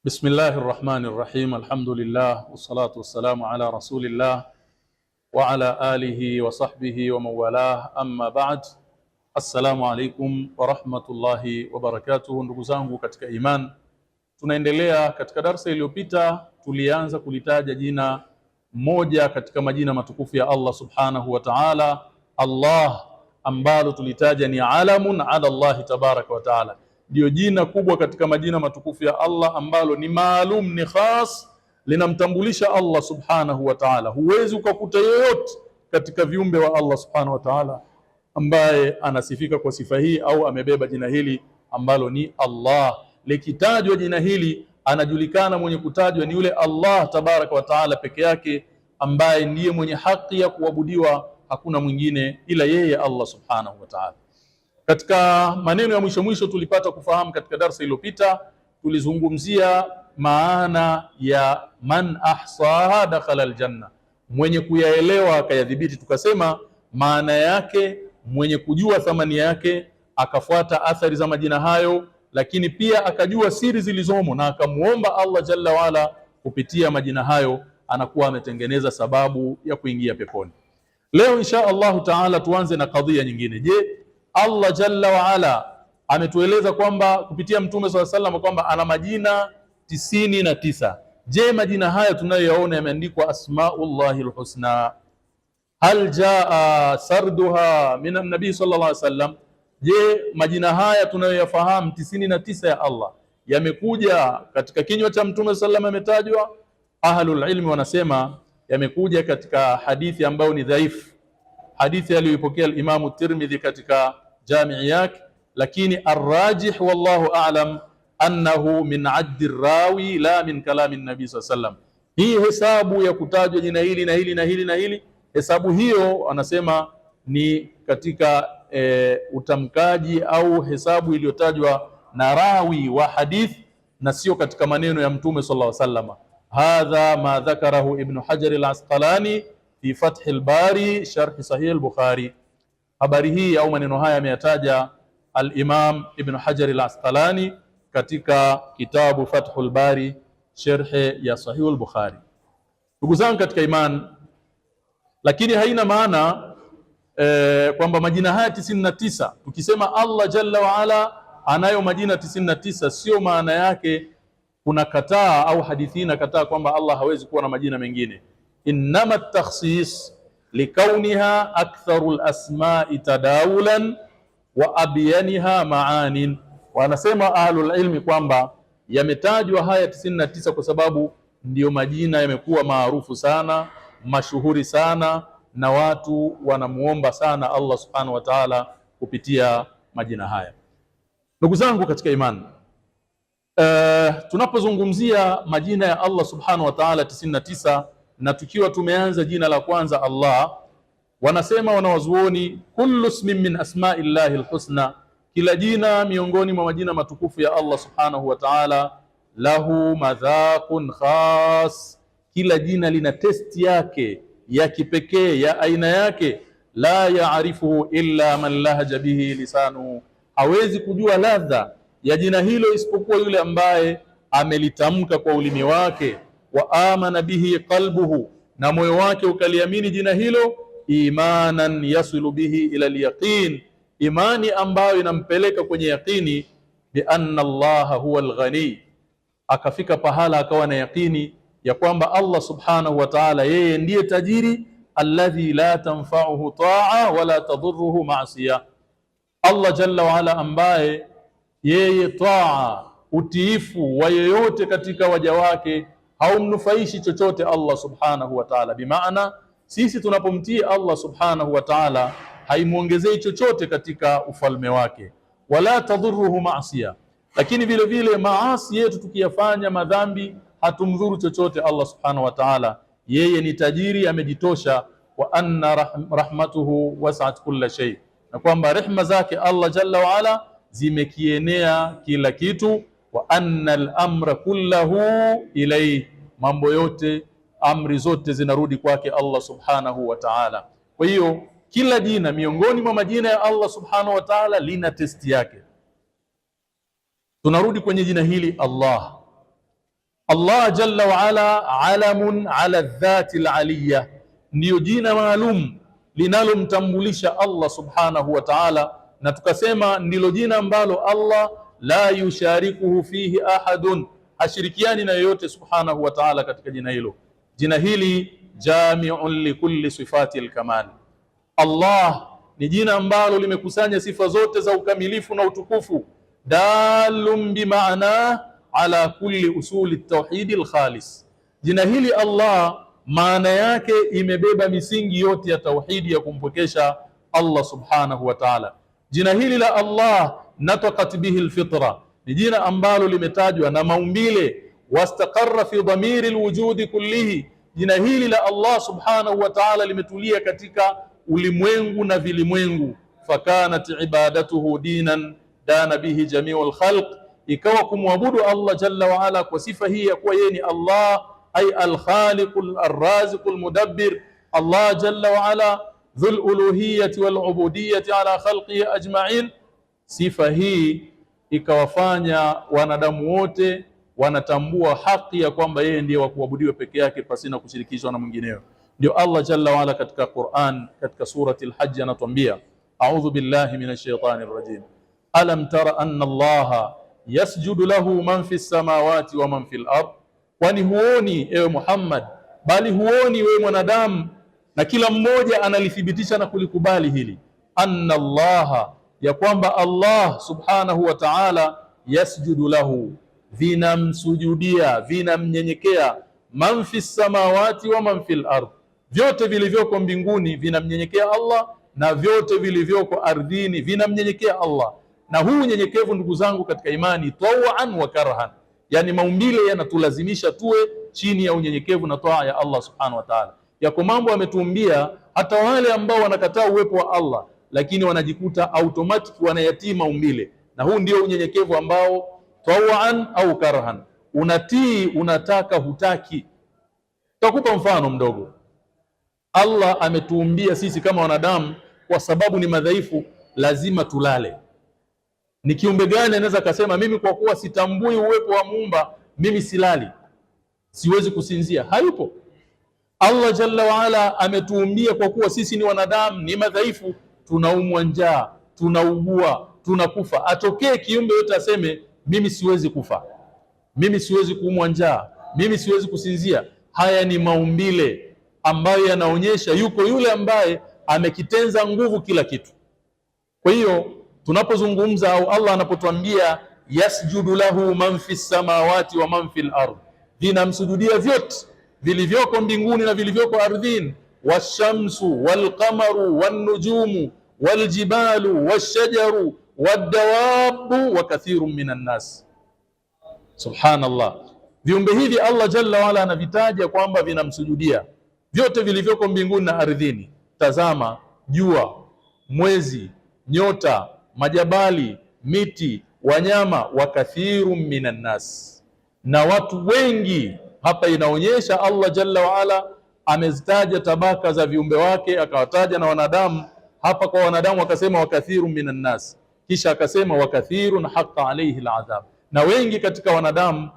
Bismillahi rrahmani rrahim, alhamdulillah wassalatu wassalamu ala rasulillah wa ala alihi wa sahbihi wa mawalah, amma ba'd. Assalamu alaikum warahmatullahi wabarakatuh. Ndugu zangu katika iman, tunaendelea katika darsa iliyopita, tulianza kulitaja jina moja katika majina matukufu ya Allah subhanahu wa ta'ala, Allah, ambalo tulitaja ni alamun ala Allahi tabaraka wa ta'ala ndiyo jina kubwa katika majina matukufu ya Allah ambalo ni maalum, ni khas, linamtambulisha Allah subhanahu wa ta'ala. Huwezi ukakuta yeyote katika viumbe wa Allah subhanahu wa ta'ala ambaye anasifika kwa sifa hii au amebeba jina hili ambalo ni Allah. Likitajwa jina hili, anajulikana mwenye kutajwa ni yule Allah tabaraka wa taala peke yake, ambaye ndiye mwenye haki ya kuabudiwa, hakuna mwingine ila yeye Allah subhanahu wa ta'ala. Katika maneno ya mwisho mwisho tulipata kufahamu katika darsa iliyopita, tulizungumzia maana ya man ahsaha dakhala aljanna, mwenye kuyaelewa akayadhibiti. Tukasema maana yake mwenye kujua thamani yake akafuata athari za majina hayo, lakini pia akajua siri zilizomo na akamuomba Allah jalla waala kupitia majina hayo, anakuwa ametengeneza sababu ya kuingia peponi. Leo insha Allahu taala tuanze na kadhia nyingine. Je, Allah jalla waala ametueleza kwamba kupitia mtume swalla sallam kwamba ana majina tisini na tisa. Je, majina haya tunayoyaona yameandikwa asmaullahi lhusna, hal jaa sarduha min annabii sallallahu alaihi wasallam? Je, majina haya tunayoyafahamu tisini na tisa ya Allah yamekuja katika kinywa cha mtume sallam? Yametajwa? Ahlul ilmi wanasema yamekuja katika hadithi ambayo ni dhaifu hadithi aliyoipokea al-Imamu Tirmidhi katika jamii yake, lakini arrajih wallahu a'lam annahu min addi rawi la min kalami nabii sallallahu alayhi Hii hesabu ya kutajwa jina hili na hili na hili na hili, hesabu hiyo anasema ni katika e, utamkaji au hesabu iliyotajwa na rawi wa hadith na sio katika maneno ya Mtume sallallahu alayhi wasallam. Hadha ma dhakarahu Ibn Hajar al-Asqalani fi bari sharh sahih al-Bukhari. Habari hii au maneno haya ameyataja al-Imam Ibn Hajar al-Asqalani katika kitabu Fathu Bari sherhe ya sahih al-Bukhari. Ndugu zangu katika imani, lakini haina maana e, kwamba majina haya tisini na tisa tukisema Allah jalla waala anayo majina tisini na tisa sio maana yake kuna kataa au hadithi inakataa kwamba Allah hawezi kuwa na majina mengine innama takhsis likauniha akthar lasmai tadawulan wa abyaniha maanin. Wanasema ahlul ilmi kwamba yametajwa haya tisini na tisa kwa sababu ndiyo majina yamekuwa maarufu sana mashuhuri sana na watu wanamuomba sana Allah subhanahu wa ta'ala kupitia majina haya. Ndugu zangu katika imani, uh, eh, tunapozungumzia majina ya Allah subhanahu wa ta'ala tisini na tisa na tukiwa tumeanza jina la kwanza Allah, wanasema wanawazuoni, kullu ismin min asmaillahi alhusna, kila jina miongoni mwa majina matukufu ya Allah subhanahu wa ta'ala, lahu madhaqun khas, kila jina lina testi yake ya kipekee ya aina yake. La yaarifuhu illa man lahaja bihi lisanuhu, hawezi kujua ladha ya jina hilo isipokuwa yule ambaye amelitamka kwa ulimi wake wa amana bihi qalbuhu, na moyo wake ukaliamini jina hilo, imanan yasilu bihi ila alyaqin, imani ambayo inampeleka kwenye yaqini, bi anna Allaha huwa alghani, akafika pahala akawa na yaqini ya kwamba Allah subhanahu wa ta'ala yeye ndiye tajiri alladhi la tanfa'uhu ta'a wala tadhurruhu ma'siya, Allah jalla wa ala ambaye yeye taa utiifu wa yeyote katika waja wake haumnufaishi chochote Allah subhanahu wa ta'ala. Bimaana sisi tunapomtii Allah subhanahu wa ta'ala haimwongezei chochote katika ufalme wake, wala tadhuruhu maasia. Lakini vile vile maasi yetu tukiyafanya, madhambi, hatumdhuru chochote Allah subhanahu wa ta'ala. Yeye ni tajiri, amejitosha. Wa anna rahmatuhu wasat kulla shay, na kwamba rehma zake Allah jalla waala zimekienea kila kitu wa anna al-amra kullahu ilayhi, mambo yote amri zote zinarudi kwake Allah subhanahu wa ta'ala. Kwa hiyo kila jina miongoni mwa majina ya Allah subhanahu wa ta'ala lina testi yake. Tunarudi kwenye jina hili Allah. Allah jalla wa ala, alamun ala dhati aliyya, ndiyo jina maalum linalomtambulisha Allah subhanahu wa ta'ala, na tukasema ndilo jina ambalo Allah la yusharikuhu fihi ahadun, hashirikiani na yoyote subhanahu wa ta'ala katika jina hilo. Jina hili jamiun likulli sifati alkamal. Allah ni jina ambalo limekusanya sifa zote za ukamilifu na utukufu, dalum bimaana ala kulli usuli tauhidi alkhalis. Jina hili Allah maana yake imebeba misingi yote ya tauhidi ya kumpwekesha Allah subhanahu wa ta'ala. Jina hili la Allah natakat bihi lfitra ni jina ambalo limetajwa na maumbile, wastaqarra fi dhamiri lwujudi kullihi. Jina hili la Allah subhanahu wa ta'ala limetulia katika ulimwengu na vilimwengu. Fakanat ibadatuhu dinan dana bihi jamiu lkhalq, ikawa kumwabudu Allah jalla waala kwa sifa hii ya kuwa yeye ni Allah ay alkhaliqu arraziqu lmudabbir, Allah jalla waala dhul uluhiyati wal ubudiyati ala khalqihi ajma'in. Sifa hii ikawafanya wanadamu wote wanatambua haki ya kwamba yeye ndiye wa kuabudiwa peke yake pasina kushirikishwa na mwingineo. Ndio Allah jalla waala katika Qur'an, katika surati al anatuambia, a'udhu billahi minash shaitani rrajim alam tara anna Allaha yasjudu lahu man fi samawati wa man fil ard, kwani huoni ewe Muhammad, bali huoni wewe mwanadamu na kila mmoja analithibitisha na kulikubali hili, anna Allaha, ya kwamba Allah subhanahu wa ta'ala, yasjudu lahu, vinamsujudia vinamnyenyekea, man fi samawati wa man fil ard, vyote vilivyoko mbinguni vinamnyenyekea Allah na vyote vilivyoko ardhini vinamnyenyekea Allah. Na huu unyenyekevu ndugu zangu katika imani, tawan wa karhan, yani maumbile yanatulazimisha tuwe chini ya unyenyekevu na toa ya Allah subhanahu wa ta'ala yako mambo ametuumbia hata wale ambao wanakataa uwepo wa Allah, lakini wanajikuta automatic wanayatii maumbile, na huu ndio unyenyekevu ambao tawaan au karhan, unatii unataka hutaki. Takupa mfano mdogo. Allah ametuumbia sisi kama wanadamu, kwa sababu ni madhaifu, lazima tulale. Ni kiumbe gani anaweza akasema mimi kwa kuwa sitambui uwepo wa muumba mimi silali, siwezi kusinzia? Hayupo. Allah jalla waala ametuumbia kwa kuwa sisi ni wanadamu, ni madhaifu, tunaumwa njaa, tunaugua, tunakufa. Atokee kiumbe yote aseme mimi siwezi kufa, mimi siwezi kuumwa njaa, mimi siwezi kusinzia. Haya ni maumbile ambayo yanaonyesha yuko yule ambaye amekitenza nguvu kila kitu. Kwa hiyo tunapozungumza au Allah anapotuambia yasjudu lahu man fis samawati wa man fil ardh, vinamsujudia vyote vilivyoko mbinguni na vilivyoko ardhini, washamsu walqamaru wannujumu waljibalu washajaru wadawabu wa kathiru minan nas. Subhanallah, viumbe hivi Allah jalla waala anavitaja kwamba vinamsujudia vyote vilivyoko mbinguni na ardhini. Tazama jua, mwezi, nyota, majabali, miti, wanyama. Wa kathiru minan nas, na watu wengi hapa inaonyesha Allah jalla waala amezitaja tabaka za viumbe wake, akawataja na wanadamu hapa. Kwa wanadamu akasema wakathirun minan nas, kisha akasema wakathirun haqa alayhi aladhab, na wengi katika wanadamu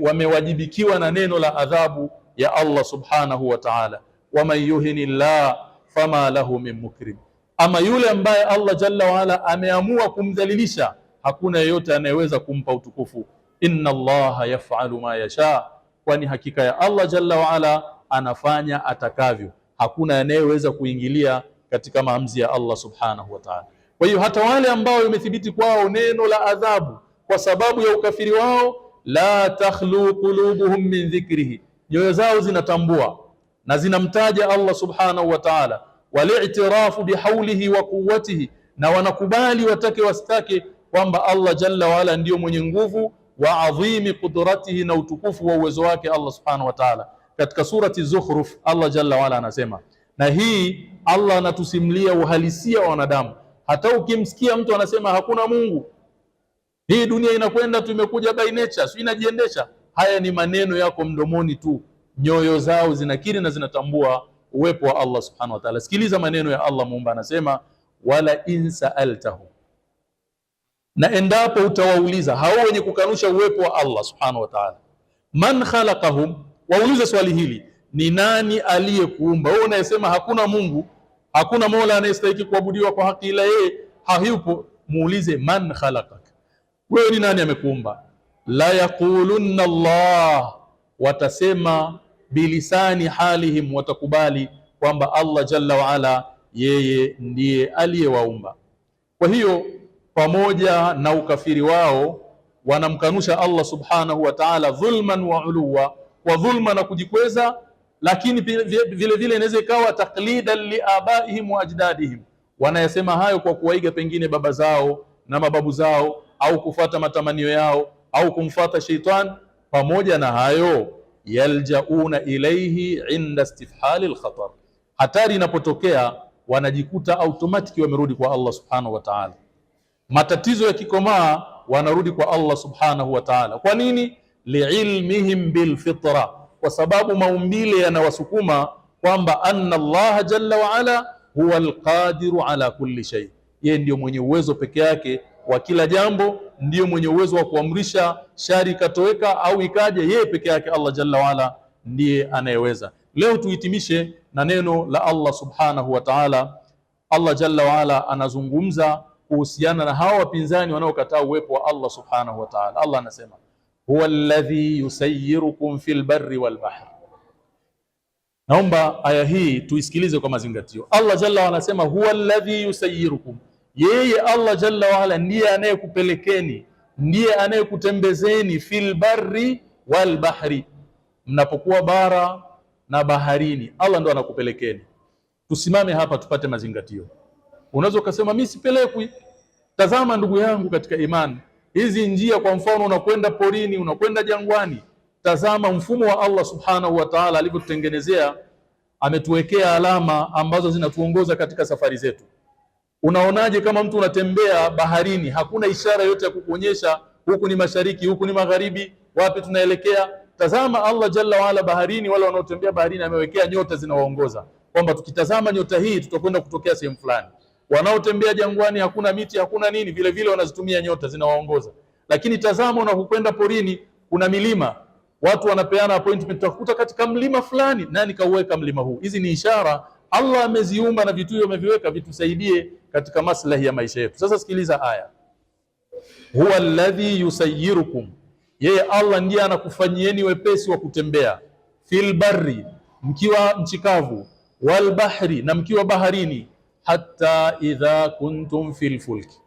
wamewajibikiwa wame na neno la adhabu ya Allah subhanahu wa ta'ala. waman yuhini llah fama lahu min mukrim, ama yule ambaye Allah jalla waala ameamua kumdhalilisha, hakuna yeyote anayeweza kumpa utukufu. inna Allaha yaf'alu ma yasha kwani hakika ya Allah jalla waala anafanya atakavyo, hakuna anayeweza kuingilia katika maamuzi ya Allah subhanahu wa ta'ala. Kwa hiyo hata wale ambao imethibiti kwao neno la adhabu kwa sababu ya ukafiri wao, la takhlu qulubuhum min dhikrihi, nyoyo zao zinatambua na zinamtaja Allah subhanahu wa ta'ala, walitirafu bihaulihi wa quwwatihi, na wanakubali watake wastake kwamba Allah jalla waala ndiyo mwenye nguvu wa adhimi qudratihi, na utukufu wa uwezo wake Allah subhanahu wa ta'ala. Katika surati Zukhruf, Allah jalla wala anasema, na hii Allah anatusimulia uhalisia wa wanadamu. Hata ukimsikia mtu anasema hakuna Mungu, hii dunia inakwenda tumekuja by nature, si inajiendesha. Haya ni maneno yako mdomoni tu, nyoyo zao zinakiri na zinatambua uwepo wa Allah subhanahu wa ta'ala. Sikiliza maneno ya Allah muumba, anasema wala in saaltahum na endapo utawauliza hao wenye kukanusha uwepo wa Allah subhanahu wa ta'ala, man khalaqahum, waulize swali hili, ni nani aliyekuumba wewe? Unayesema hakuna Mungu, hakuna mola anayestahili kuabudiwa kwa haki ila yeye, hayupo. Muulize man khalaqak, wewe ni nani amekuumba? La yaqulunna Allah, watasema bilisani halihim, watakubali kwamba Allah jalla waala yeye ndiye aliyewaumba. Kwa hiyo pamoja na ukafiri wao wanamkanusha Allah subhanahu wa ta'ala dhulman wa uluwa, kwa dhulma na kujikweza, lakini vile vile inaweza ikawa li abaihim wa ajdadihim, wanayasema hayo kwa kuwaiga pengine baba zao na mababu zao, au kufata matamanio yao au kumfata sheitan. Pamoja na hayo, yaljauna ilaihi inda istifhali lkhatar, hatari inapotokea wanajikuta automatiki wamerudi kwa Allah subhanahu wa ta'ala matatizo yakikomaa wanarudi kwa Allah subhanahu wa ta'ala. Kwa nini? liilmihim bilfitra, kwa sababu maumbile yanawasukuma kwamba anna Allah jalla wa ala huwa alqadiru ala kulli shay, yeye ndiyo mwenye uwezo peke yake wa kila jambo, ndiyo mwenye uwezo wa kuamrisha shari ikatoweka au ikaje. Yeye peke yake Allah jalla wa ala ndiye anayeweza. Leo tuhitimishe na neno la Allah subhanahu wa ta'ala. Allah jalla wa ala anazungumza kuhusiana na hawa wapinzani wanaokataa uwepo wa Allah subhanahu wa ta'ala. Allah anasema huwa alladhi yusayirukum fil barri wal bahri. Naomba aya hii tuisikilize kwa mazingatio. Allah jalla waala anasema huwa alladhi yusayirukum, yeye Allah jalla waala ndiye anayekupelekeni, ndiye anayekutembezeni fil barri wal bahri, mnapokuwa bara na baharini, Allah ndo anakupelekeni. Tusimame hapa tupate mazingatio. Unaweza ukasema mimi sipelekwi. Tazama ndugu yangu katika imani, hizi njia, kwa mfano unakwenda porini, unakwenda jangwani, tazama mfumo wa Allah subhanahu wa ta'ala alivyotutengenezea. Ametuwekea alama ambazo zinatuongoza katika safari zetu. Unaonaje kama mtu unatembea baharini, hakuna ishara yote ya kukuonyesha huku ni mashariki, huku ni magharibi, wapi tunaelekea? Tazama Allah jalla waala baharini, wale wanaotembea baharini amewekea nyota zinawaongoza, kwamba tukitazama nyota hii tutakwenda kutokea sehemu fulani wanaotembea jangwani, hakuna miti, hakuna nini, vile vile wanazitumia nyota zinawaongoza. Lakini tazama, unapokwenda porini, kuna milima, watu wanapeana appointment, utakuta katika mlima fulani, nani kauweka mlima huu? Hizi ni ishara Allah ameziumba na vitu hivyo ameviweka vitusaidie katika maslahi ya maisha yetu. Sasa sikiliza haya, huwa alladhi yusayirukum, yeye Allah ndiye anakufanyieni wepesi wa kutembea filbari, mkiwa mchikavu, walbahri, na mkiwa baharini hatta idha kuntum fil fulki,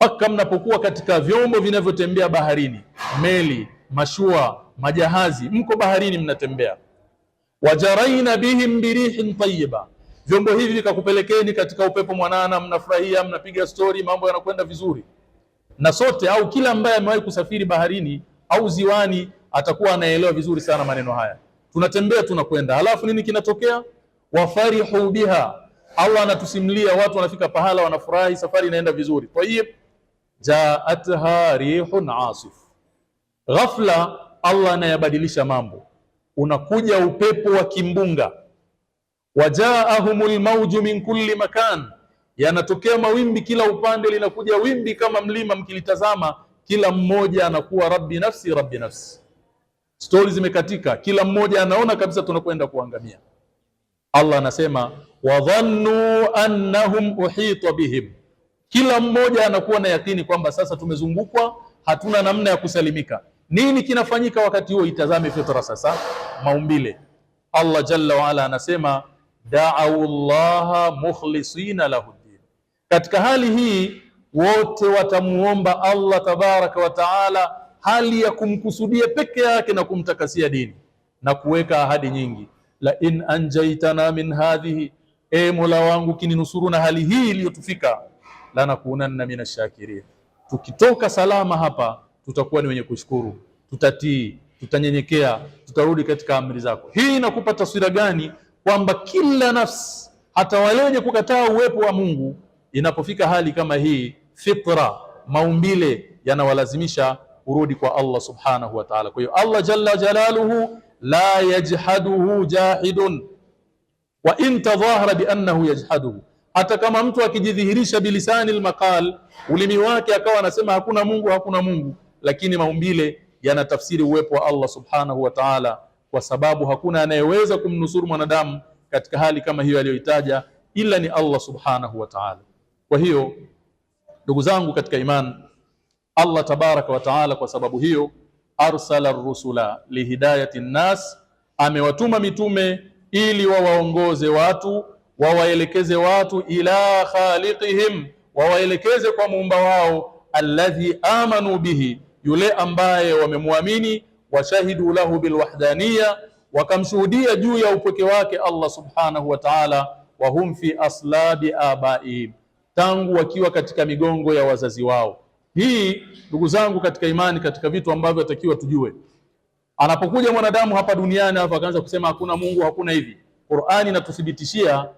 mpaka mnapokuwa katika vyombo vinavyotembea baharini, meli, mashua, majahazi, mko baharini mnatembea. Wajaraina bihim birihin tayyiba, vyombo hivi vikakupelekeni katika upepo mwanana, mnafurahia, mnapiga stori, mambo yanakwenda vizuri. Na sote au kila ambaye amewahi kusafiri baharini au ziwani atakuwa anaelewa vizuri sana maneno haya. Tunatembea tunakwenda, halafu nini kinatokea? wafarihu biha Allah anatusimulia watu wanafika pahala wanafurahi, safari inaenda vizuri. Kwa hiyo jaatha rihun asif, ghafla Allah anayabadilisha mambo, unakuja upepo wa kimbunga. Wajaahumul mauju min kulli makan, yanatokea mawimbi kila upande, linakuja wimbi kama mlima, mkilitazama kila mmoja anakuwa rabbi nafsi, rabbi nafsi. Stori zimekatika, kila mmoja anaona kabisa tunakwenda kuangamia. Allah anasema wadhannu annahum uhita bihim, kila mmoja anakuwa na yakini kwamba sasa tumezungukwa, hatuna namna ya kusalimika. Nini kinafanyika wakati huo? Itazame fitra sasa, maumbile. Allah jalla waala anasema daau llaha mukhlisina lahu ddin, katika hali hii wote watamuomba Allah tabaraka wa taala hali ya kumkusudia peke yake na kumtakasia dini na kuweka ahadi nyingi la in anjaitana min hadhihi, e Mola wangu kininusuru na hali hii iliyotufika, lanakunanna minashakirin, tukitoka salama hapa tutakuwa ni wenye kushukuru, tutatii, tutanyenyekea, tutarudi katika amri zako. Hii inakupa taswira gani? Kwamba kila nafsi, hata wale wenye kukataa uwepo wa Mungu, inapofika hali kama hii, fitra, maumbile yanawalazimisha kurudi kwa Allah subhanahu wa ta'ala. Kwa hiyo Allah jalla jalaluhu la yajhaduhu jahidun wa in tadhahara bi annahu yajhaduhu, hata kama mtu akijidhihirisha bilisani lmaqal ulimi wake akawa anasema hakuna Mungu, hakuna Mungu, lakini maumbile yanatafsiri uwepo wa Allah subhanahu wa ta'ala, kwa sababu hakuna anayeweza kumnusuru mwanadamu katika hali kama hiyo aliyoitaja ila ni Allah subhanahu wa ta'ala. Kwa hiyo ndugu zangu katika imani, Allah tabaraka wa ta'ala, kwa sababu hiyo arsala rusula lihidayati nnas, amewatuma mitume ili wawaongoze watu wawaelekeze watu ila khaliqihim, wawaelekeze kwa muumba wao alladhi amanu bihi, yule ambaye wamemwamini, washahidu lahu bilwahdaniya, wakamshuhudia juu ya upweke wake Allah subhanahu wa ta'ala, wahum fi aslabi abaihim, tangu wakiwa katika migongo ya wazazi wao hii ndugu zangu katika imani, katika vitu ambavyo atakiwa tujue. Anapokuja mwanadamu hapa duniani hapa akaanza kusema hakuna Mungu, hakuna hivi, Qur'ani inatuthibitishia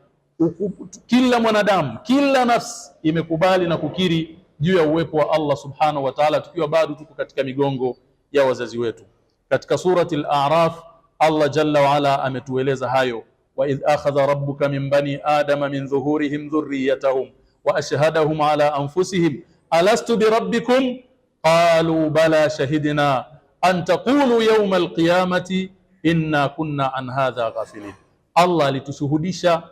kila mwanadamu, kila nafsi imekubali na kukiri juu ya uwepo wa Allah subhanahu wa ta'ala, tukiwa bado tuko katika migongo ya wazazi wetu. Katika surati al-A'raf Allah jalla wa ala ametueleza hayo, wa idh akhadha rabbuka min bani adama min dhuhurihim dhurriyatahum wa ashhadahum ala anfusihim alastu birabbikum qalu bala shahidna an taqulu yawma alqiyamati inna kunna an hadha ghafilin. Allah alitushuhudisha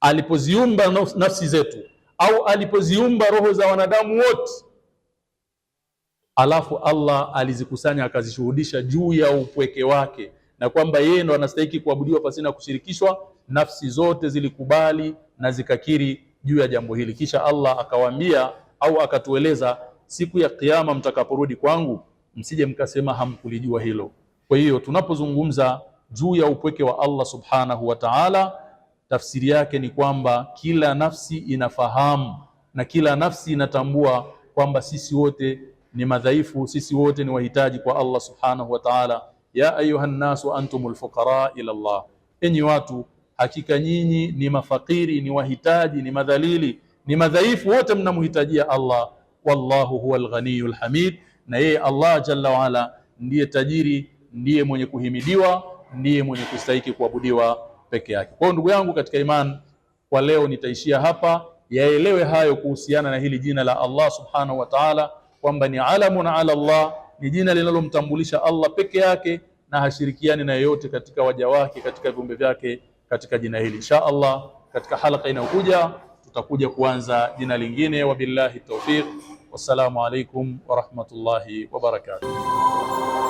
alipoziumba nafsi zetu au alipoziumba roho za wanadamu wote, alafu Allah alizikusanya akazishuhudisha juu ya upweke wake na kwamba yeye ndo anastahili kuabudiwa pasina kushirikishwa. Nafsi zote zilikubali na zikakiri juu ya jambo hili, kisha Allah akawaambia au akatueleza siku ya Kiyama, mtakaporudi kwangu msije mkasema hamkulijua hilo. Kwa hiyo tunapozungumza juu ya upweke wa Allah subhanahu wa ta'ala, tafsiri yake ni kwamba kila nafsi inafahamu na kila nafsi inatambua kwamba sisi wote ni madhaifu, sisi wote ni wahitaji kwa Allah subhanahu wa ta'ala. ya ayuha nnasu antumul fuqara ila Allah, enyi watu, hakika nyinyi ni mafakiri, ni wahitaji, ni madhalili ni madhaifu wote, mnamhitajia Allah. Wallahu huwa alghaniyul hamid, na yeye Allah jalla waala ndiye tajiri, ndiye mwenye kuhimidiwa, ndiye mwenye kustahiki kuabudiwa peke yake. Kwa hiyo ndugu yangu katika imani, kwa leo nitaishia hapa. Yaelewe hayo kuhusiana na hili jina la Allah subhanahu wa ta'ala, kwamba ni alamun ala Allah, ni jina linalomtambulisha Allah peke yake na hashirikiani na yeyote katika waja wake, katika viumbe vyake, katika jina hili insha Allah katika halaka inayokuja tutakuja kuanza jina lingine. Wabillahi tawfiq, wassalamu alaikum warahmatullahi wabarakatuh.